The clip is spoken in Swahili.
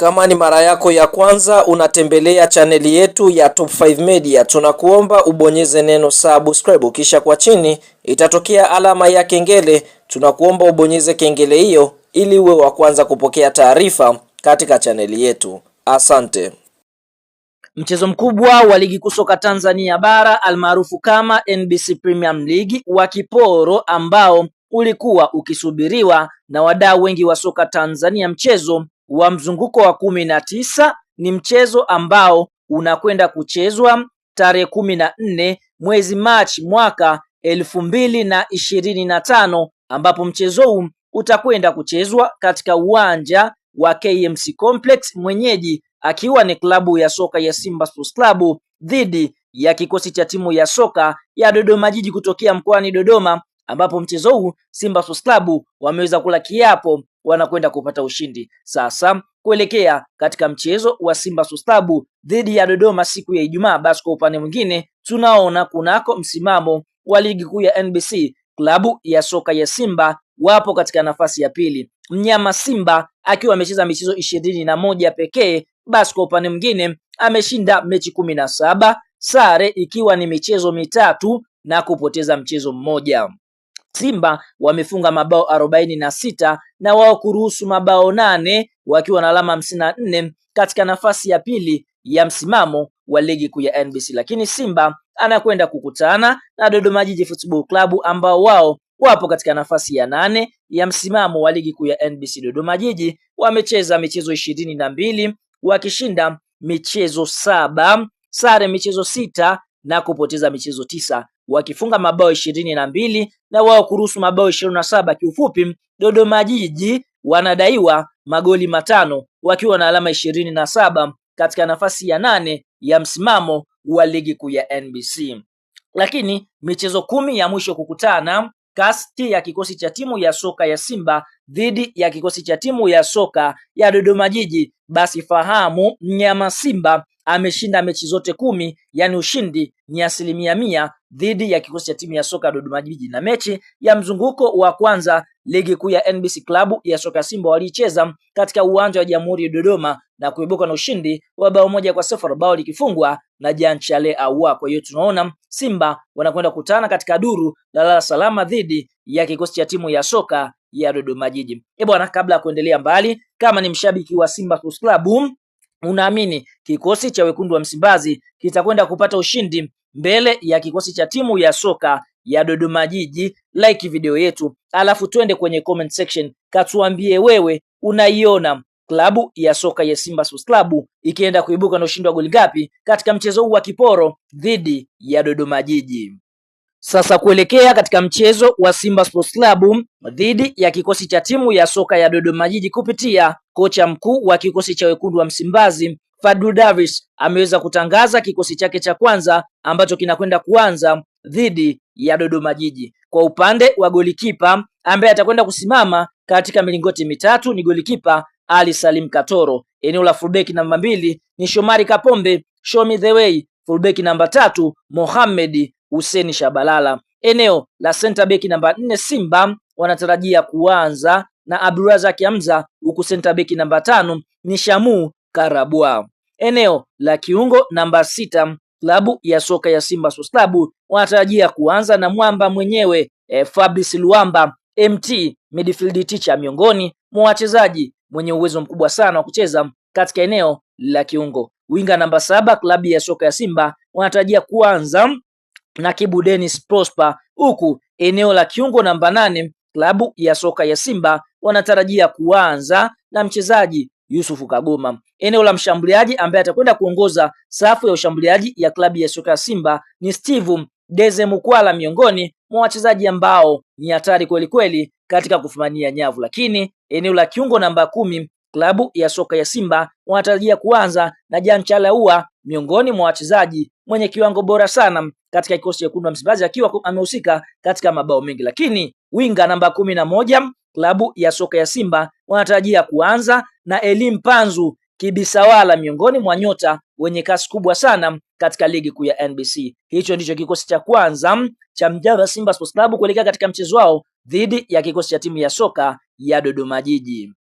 Kama ni mara yako ya kwanza unatembelea chaneli yetu ya Top 5 Media, tunakuomba ubonyeze neno subscribe, kisha kwa chini itatokea alama ya kengele. Tunakuomba ubonyeze kengele hiyo ili uwe wa kwanza kupokea taarifa katika chaneli yetu. Asante. Mchezo mkubwa wa ligi kuu soka Tanzania bara almaarufu kama NBC Premium League wa kiporo ambao ulikuwa ukisubiriwa na wadau wengi wa soka Tanzania, mchezo wa mzunguko wa kumi na tisa ni mchezo ambao unakwenda kuchezwa tarehe kumi na nne mwezi Machi mwaka elfu mbili na ishirini na tano ambapo mchezo huu utakwenda kuchezwa katika uwanja wa KMC Complex, mwenyeji akiwa ni klabu ya soka ya Simba Sports Club dhidi ya kikosi cha timu ya soka ya Dodoma Jiji kutokea mkoani Dodoma, ambapo mchezo huu Simba Sports Club wameweza kula kiapo wanakwenda kupata ushindi sasa kuelekea katika mchezo wa Simba Sustabu dhidi ya Dodoma siku ya Ijumaa. Basi kwa upande mwingine, tunaona kunako msimamo wa ligi kuu ya NBC klabu ya soka ya Simba wapo katika nafasi ya pili, mnyama Simba akiwa amecheza michezo ishirini na moja pekee. Basi kwa upande mwingine, ameshinda mechi kumi na saba, sare ikiwa ni michezo mitatu na kupoteza mchezo mmoja. Simba wamefunga mabao arobaini na sita na wao kuruhusu mabao nane wakiwa na alama hamsini na nne katika nafasi ya pili ya msimamo wa ligi kuu ya NBC, lakini Simba anakwenda kukutana na Dodoma Jiji Football Club ambao wao wapo katika nafasi ya nane ya msimamo wa ligi kuu ya NBC. Dodoma Jiji wamecheza michezo ishirini na mbili wakishinda michezo saba, sare michezo sita na kupoteza michezo tisa wakifunga mabao ishirini na mbili na wao kuruhusu mabao ishirini na saba. Kiufupi, Dodoma Jiji wanadaiwa magoli matano wakiwa na alama ishirini na saba katika nafasi ya nane ya msimamo wa ligi kuu ya NBC. Lakini michezo kumi ya mwisho kukutana kasti ya kikosi cha timu ya soka ya Simba dhidi ya kikosi cha timu ya soka ya Dodoma Jiji, basi fahamu mnyama Simba ameshinda mechi zote kumi, yani ushindi ni asilimia mia dhidi ya kikosi cha timu ya soka Dodoma Jiji, na mechi ya mzunguko wa kwanza ligi kuu ya NBC klabu ya soka Simba waliicheza katika uwanja wa Jamhuri ya Dodoma na kuibuka na ushindi wa bao moja kwa sifuri, bao likifungwa na Jean Chale Ahoua. Kwa hiyo tunaona Simba wanakwenda kutana katika duru la Dar salama dhidi ya kikosi cha timu ya soka ya Dodoma Jiji. Eh bwana, kabla ya kuendelea mbali, kama ni mshabiki wa Simba Sports Club unaamini kikosi cha wekundu wa Msimbazi kitakwenda kupata ushindi mbele ya kikosi cha timu ya soka ya Dodoma Jiji? Like video yetu, alafu twende kwenye comment section, katuambie wewe unaiona klabu ya soka ya Simba Sports Club ikienda kuibuka na ushindi wa goli ngapi katika mchezo huu wa kiporo dhidi ya Dodoma Jiji. Sasa kuelekea katika mchezo wa Simba Sports Club dhidi ya kikosi cha timu ya soka ya Dodoma Jiji kupitia kocha mkuu wa kikosi cha wekundu wa Msimbazi Fadlu Davis ameweza kutangaza kikosi chake cha kwanza ambacho kinakwenda kuanza dhidi ya Dodoma Jiji. Kwa upande wa golikipa ambaye atakwenda kusimama katika milingoti mitatu ni golikipa Ali Salim Katoro. Eneo la fullback namba mbili ni Shomari Kapombe, Show me the way. Fullback namba tatu Mohamed Hussein Shabalala. Eneo la center back namba nne Simba wanatarajia kuanza na Abdurazak Hamza, huku center back namba tano ni Shamu Karabwa. Eneo la kiungo namba sita klabu ya soka ya Simba Sports Club wanatarajia kuanza na mwamba mwenyewe e, Fabrice Luamba MT midfield teacher, miongoni mwa wachezaji mwenye uwezo mkubwa sana wa kucheza katika eneo la kiungo. Winga namba saba klabu ya soka ya Simba wanatarajia kuanza kibu Dennis Prosper, huku eneo la kiungo namba nane klabu ya soka ya Simba wanatarajia kuanza na mchezaji Yusufu Kagoma. Eneo la mshambuliaji ambaye atakwenda kuongoza safu ya ushambuliaji ya klabu ya soka ya Simba ni Steve Deze Mukwala, miongoni mwa wachezaji ambao ni hatari kweli kweli katika kufumania nyavu. Lakini eneo la kiungo namba kumi klabu ya soka ya Simba wanatarajia kuanza na Jan Chalaua miongoni mwa wachezaji mwenye kiwango bora sana katika kikosi cha wekundu wa Msimbazi akiwa amehusika katika mabao mengi. Lakini winga namba kumi na moja klabu ya soka ya Simba wanatarajia kuanza na Elim Panzu Kibisawala, miongoni mwa nyota wenye kasi kubwa sana katika ligi kuu ya NBC. Hicho ndicho kikosi cha kwanza cha Mjava Simba Sports Club kuelekea katika mchezo wao dhidi ya kikosi cha timu ya soka ya Dodoma Jiji.